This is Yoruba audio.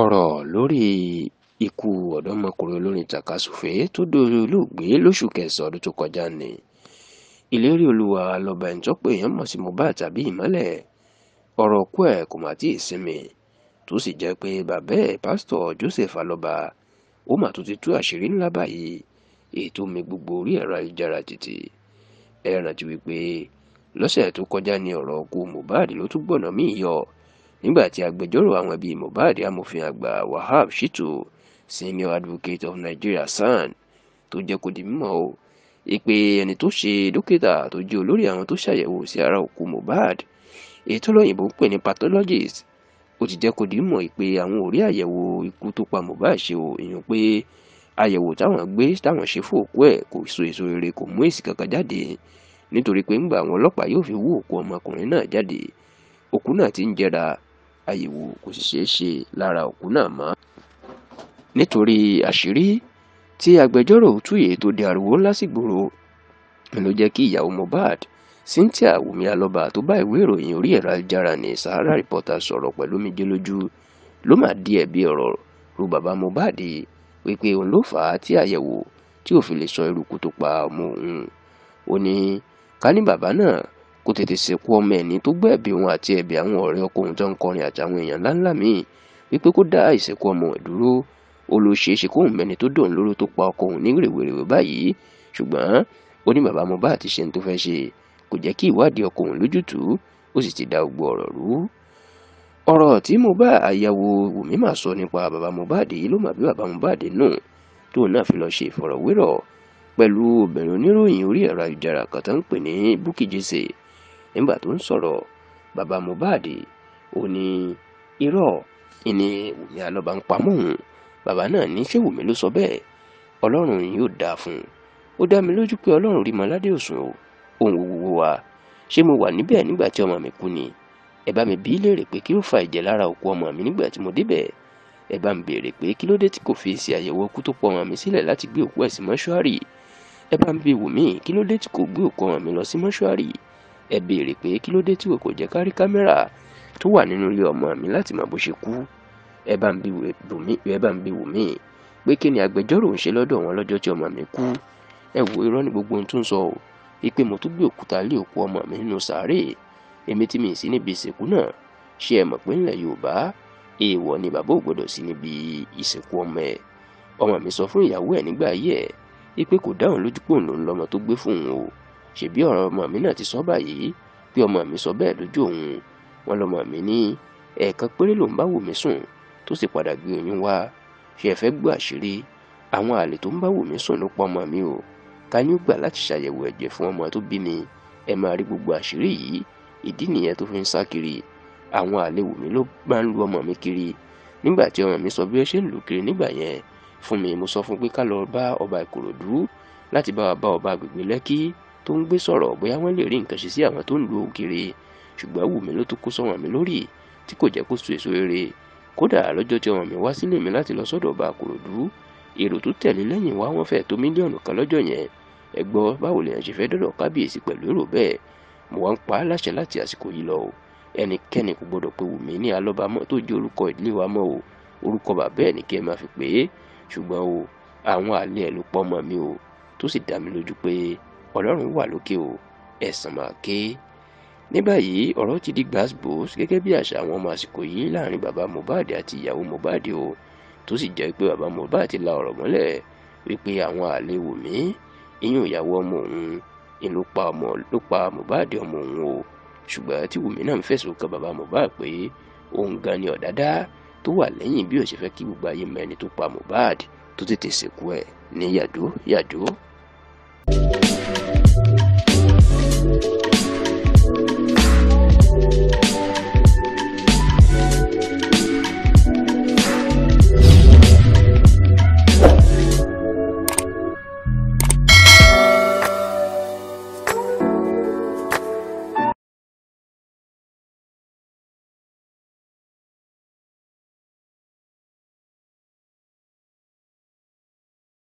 ọ̀rọ̀ lórí ikú ọ̀dọ́mọkùnrin olórin tàkasúfèé tó dórí olóògbé lóṣù kẹsàn-án ọdún tó kọjá ni ìlérí olúwa lọ́ba ẹni tó pé èèyàn mọ̀ sí Mohbad tàbí ìmọ́lẹ̀ ọ̀rọ̀ òkú ẹ̀ kò mà tí ì sinmi tó sì jẹ́ pé bàbá ẹ̀ pásítọ̀ Joseph Alọ́ba ó mà tún ti tú àṣírí ńlá báyìí ètò mi gbogbo orí ẹ̀rọ ayélujára títì ẹ rántí wípé lọ́sẹ̀ tó kọjá ni ọ̀rọ̀ òkú Mohbad ló tún gbọ̀nà míì yọ nígbà tí agbẹjọ́rò àwọn ẹbí Mohbad amòfin àgbà Wahab Shitu senior advocate of Nigeria SAN tó jẹ́ kó di mímọ̀ o ìpè ẹni tó ṣe dókítà tó jẹ́ olórí àwọn tó ṣàyẹ̀wò sí ara òkú Mohbad èyí tó lóyìnbó ń pè ní pathologist ó ti jẹ́ kó di mímọ̀ ìpè àwọn ò rí àyẹ̀wò ikú tó pa Mohbad ṣe o ìyẹn pé àyẹ̀wò táwọn gbé táwọn ṣe fòkú ẹ̀ kò so èso rere kò mú èsì kankan jáde nítorí pé ńgbà àwọn ọlọ́pàá yóò fi wú òkú ọmọkùnrin náà jáde òkú náà ti ń jẹrà àyẹ̀wò kò sì ṣeé ṣe lára òkú náà mọ́. nítorí àṣírí tí agbẹjọ́rò Túyè tó di ariwo ńlá sí gbòòrò ló jẹ́ kí ìyàwó Mohbad Cynthia Wùmí Alọ́ba tó bá ìwé ìròyìn orí ẹ̀rọ ajára ní Sahara Reporter sọ̀rọ̀ pẹ̀lú omijé lójú ló mà di ẹ̀bi ọ̀rọ̀ ru bàbá Mohbad wípé òun ló fà á tí àyẹ̀wò tí ò fi lè sọ irú ikú tó pa ọmọ òun ó ní ká ní bàbá náà kó tètè sìnkú ọmọ ẹ̀ ní tó gbọ́ ẹ̀bẹ̀ òun àti ẹ̀bẹ̀ àwọn ọ̀rẹ́ ọkọ òun tó ń kọrin àtàwọn èèyàn ńláńlá míì wípé kó dá ìsìnkú ọmọ ẹ̀ dúró ó ló ṣe é ṣe kóun mẹ́ni tó dòun lóró tó pa ọkọ òun ní rèwerèwe báyìí ṣùgbọ́n ó ní bàbá Mohbad ti ṣe ní tó fẹ́ ṣe kò jẹ́ kí ìwádìí ọkọ lójútùú ó sì ti da gbogbo ọ̀rọ̀ rú ọ̀rọ̀ tí Mohbad àyàwó Wùmí mà sọ nípa bàbá Mohbad yìí ló mà bí bàbá Mohbad nù tóun náà fi lọ ṣe ìfọ̀rọ̀wérọ̀ pẹ̀lú obìnrin oníròyìn orí ẹ̀rọ ayélujára kan tó ń pè ní Bukky nígbà tó ń sọ̀rọ̀ bàbá Mohbad ó ní irọ́ ìní Wùmí Alọ́ba ń pamọ́ òun bàbá náà ní ṣé Wùmí ló sọ bẹ́ẹ̀ Ọlọ́run yóò dáa fún un ó dá mi lójú pé Ọlọ́run rí mọ́ládé òsùn o ohun gbogbo wa ṣé mo wà níbẹ̀ nígbà tí ọmọ mi kú ni ẹ bá mi bí léèrè pé kí ló fa ìjẹ́ lára òkú ọmọ mi nígbà tí mo débẹ̀ ẹ bá mi béèrè pé kí ló dé tí kò fi ṣe àyẹ̀wò òkú tó pọ̀ ọmọ mi sílẹ̀ láti gbé òkú ẹ̀ sí mọ́ṣúárì ẹ bá mi bi Wùmí kí ló dé tí kò gbé òkú ọmọ mi lọ sí mọ́ṣúárì ẹ béèrè pé kí ló dé tí o kò jẹ́ ká rí kámẹ́rà tó wà nínú ilé ọmọ mi láti mọ̀ bó ṣe kú ẹ bá ń bi wò mí pé kí ni agbẹjọ́rò ń ṣe lọ́dọ̀ wọn lọ́jọ́ tí ọmọ mi kú ẹ wo irọ́ ní gbogbo ohun tó ń sọ o wípé mo tún gbé òkúta lé òkú ọmọ mi nínú sàárè èmi tí mi sí níbi ìsìnkú náà ṣé ẹ mọ̀ pé ńlẹ̀ Yorùbá èèwọ̀ ni bàbá ò gbọdọ̀ sí níbi ìsìnkú ọmọ ẹ̀ ọmọ mi sọ fún ìyàwó ẹ̀ nígbà ayé ẹ̀ wípé kò dáhùn lójú pòun lòun lọ́mọ tó gbé fóun o ṣèbí ọ̀rọ̀ ọmọ mi náà ti sọ báyìí pé ọmọ mi sọ bẹ́ẹ̀ lójú òun wọn lọmọ mi ní ẹ̀ẹ̀kan péré lòun bá wù mí sùn tó sì padà gbé oyún wá ṣe ẹ̀fẹ́ gbọ́ àṣírí àwọn àlè tó ń bá wù mí sùn ló pọ̀ ọmọ mi o ká ní ó gbà láti ṣàyẹ̀wò ẹ̀jẹ̀ fún ọmọ tó bí mi ẹ máa rí gbogbo àṣírí yìí ìdí nìyẹn tó fi ń sá kiri àwọn àlè wù mí ló máa ń lu ọmọ mi kiri nígbà tí ọmọ mi sọ bí ó ṣe ń lù kiri nígbà yẹn fún mi mo sọ fún pé ká lọ bá ọba ìkòròdú láti bá wa bá ọba agbègbè lẹ́kí tó ń gbé sọ̀rọ̀ bóyá wọ́n lè rí nǹkan ṣe sí àwọn tó ń lu òkèrè ṣùgbọ́n Wùmí ló tún kó sọ̀wọ́n mi lórí tí kò jẹ́ kó so èso rere kódà lọ́jọ́ tí ọmọ mi wá sílé mi láti lọ sọ́dọ̀ ọba Àkòròdú èrò tó tẹ̀lé lẹ́yìn wá wọ́n fẹ́ tó mílíọ̀nù kan lọ́jọ́ yẹn ẹ báwo lèèyàn ṣe fẹ́ dọ̀dọ̀ kábíyèsí pẹ̀lú èrò bẹ́ẹ̀ mo wá ń pa á láṣẹ láti àsìkò yìí lọ o ẹnikẹ́ni kò gbọdọ̀ pé Wùmí ní alọ́bàmọ́ tó jẹ́ orúkọ ìdílé wa mọ́ o orúkọ bàbá ẹ̀ ní kí ẹ máa fi pè é ṣùgbọ́n o àwọn àlẹ́ ẹ̀ ló pọ́ ọmọ mi o tó sì dá mi lójú pé ọlọ́run wà lókè o ẹ̀sán máa ké ní báyìí ọ̀rọ̀ ti di gbàsbòs gẹ́gẹ́ bí àṣà àwọn ọmọ àsìkò yìí láàrin bàbá Mohbad àti ìyàwó Mohbad o tó sì jẹ́ pé bàbá Mohbad ti la ọ̀rọ̀ mọ́lẹ̀ wípé àwọn àlè Wùmí ìyún ìyàwó ọmọ òun ló pa Mohbad ọmọ òun o ṣùgbọ́n tí Wùmí náà ń fẹ̀sùn kan bàbá Mohbad pé òun gan ni ọ̀dádá tó wà lẹ́yìn bí ó kí gbogbo ayé mọ tó pa Mohbad tó tètè sìnkú ẹ̀ ní yàdó yàdó.